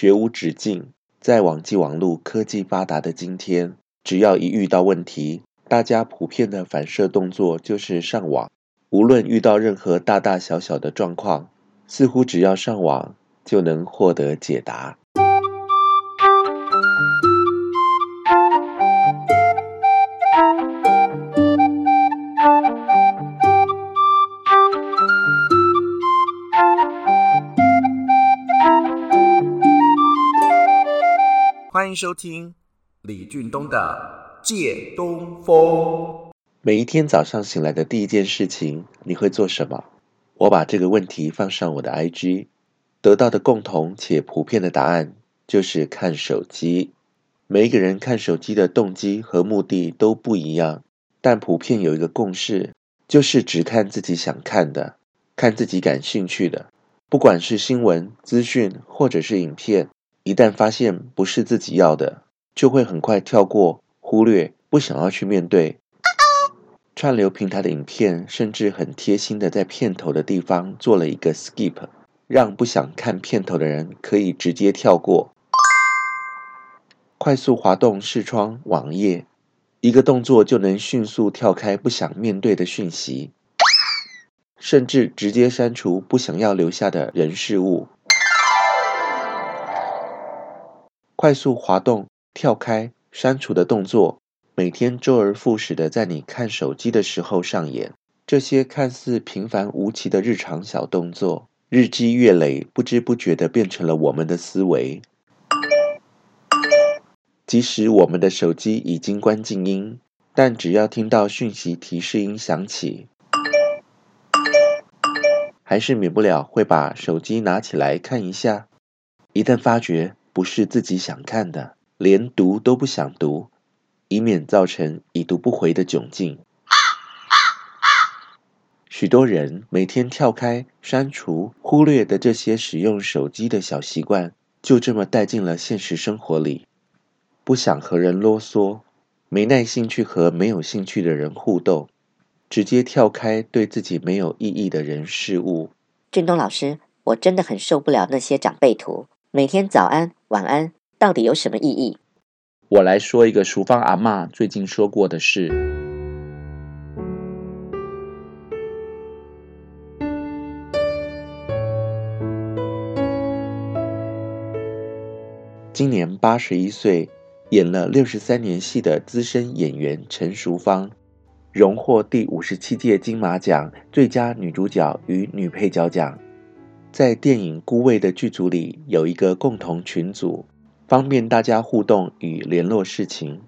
學無止境，在網際網路科技發達的今天，只要一遇到問題，大家普遍的反射動作就是上網，無論遇到任何大大小小的狀況，似乎只要上網就能獲得解答。歡迎收聽李俊東的《借東風》。每一天早上醒來的第一件事情，你會做什麼？我把這個問題放上我的 IG，得到的共同且普遍的答案就是看手機。每一個人看手機的動機和目的都不一樣，但普遍有一個共識，就是只看自己想看的，看自己感興趣的，不管是新聞、資訊或者是影片。一旦發現不是自己要的，就會很快跳過、忽略、不想要去面對。串流平台的影片甚至很貼心的在片頭的地方做了一個 skip，讓不想看片頭的人可以直接跳過。快速滑動視窗網頁，一個動作就能迅速跳開不想面對的訊息，甚至直接刪除不想要留下的人事物。快速滑動、跳開、刪除的動作，每天週而復始的在你看手機的時候上演。這些看似平凡無奇的日常小動作，日積月累，不知不覺地變成了我們的思維。即使我們的手機已經關靜音，但只要聽到訊息提示音響起，還是免不了會把手機拿起來看一下。一旦發覺，不是自己想看的，連讀都不想讀，以免造成已讀不回的窘境。啊啊、許多人每天跳開、刪除、忽略的這些使用手機的小習慣，就這麼帶進了現實生活裡。不想和人囉嗦，沒耐心去和沒有興趣的人互動，直接跳開對自己沒有意義的人事物。俊東老師，我真的很受不了那些長輩圖，每天早安。晚安，到底有什麼意義？我來說一個淑芳阿嬤最近說過的事。今年八十一歲，演了六十三年戲的資深演員陳淑芳，榮獲第五十七屆金馬獎最佳女主角與女配角獎。在電影《孤味》的劇組裡有一個共同群組，方便大家互動與聯絡事情。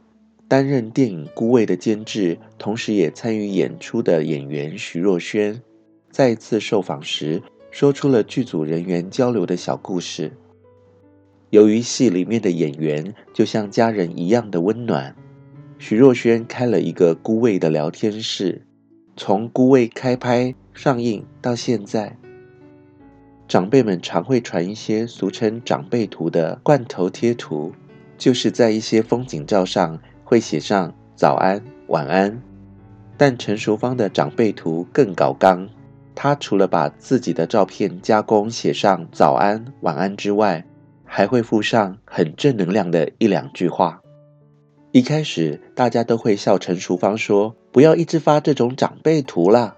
擔任電影《孤味》的監制，同時也參與演出的演員徐若瑄，再一次受訪時說出了劇組人員交流的小故事。由於戲裡面的演員就像家人一樣的溫暖，徐若瑄開了一個《孤味》的聊天室，從《孤味》開拍、上映到現在。長輩們常會傳一些俗稱“長輩圖”的罐頭貼圖，就是在一些風景照上會寫上“早安”、“晚安”。但陳淑芳的長輩圖更搞剛，她除了把自己的照片加工寫上“早安”、“晚安”之外，還會附上很正能量的一兩句話。一開始大家都會笑陳淑芳說：“不要一直發這種長輩圖啦。”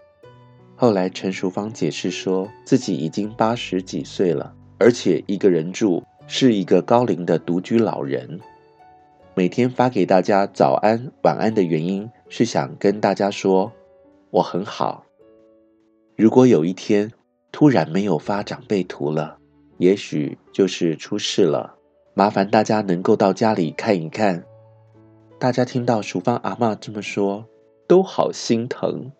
後來，陳淑芳解釋說，自己已經八十幾歲了，而且一個人住，是一個高齡的獨居老人。每天發給大家早安、晚安的原因是想跟大家說，我很好。如果有一天突然沒有發長輩圖了，也許就是出事了。麻煩大家能夠到家裡看一看。大家聽到淑芳阿嬤這麼說，都好心疼。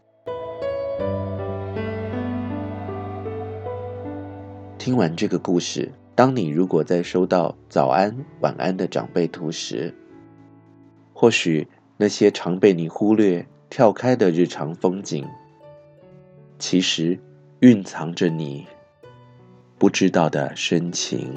聽完這個故事，當你如果在收到“早安”、“晚安”的長輩圖時，或許那些常被你忽略、跳開的日常風景，其實蘊藏着你不知道的深情。